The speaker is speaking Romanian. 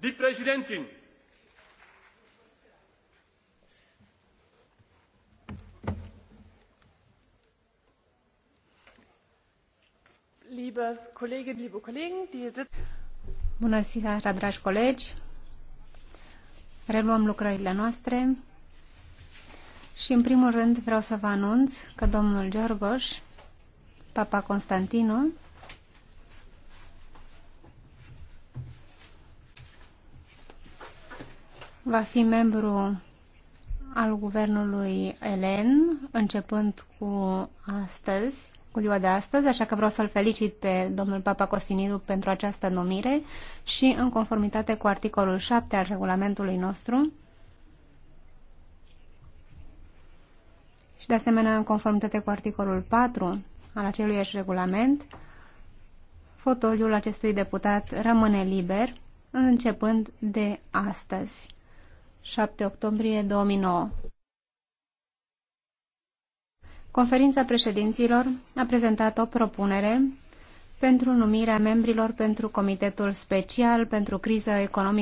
Die Präsidentin! Liebe Kolleginnen, liebe Kollegen, die sitzen. Bună seara, dragi colegi! Reluăm lucrările noastre și, în primul rând, vreau să vă anunț că domnul Giorgoș, Papa Constantinu, va fi membru al guvernului Elen, începând cu astăzi, cu ziua de astăzi, așa că vreau să-l felicit pe domnul Papa Costinidu pentru această numire și în conformitate cu articolul 7 al regulamentului nostru și de asemenea în conformitate cu articolul 4 al aceluiași regulament, fotoliul acestui deputat rămâne liber începând de astăzi. 7 octombrie 2009. Conferința președinților a prezentat o propunere pentru numirea membrilor pentru Comitetul Special pentru Criză Economică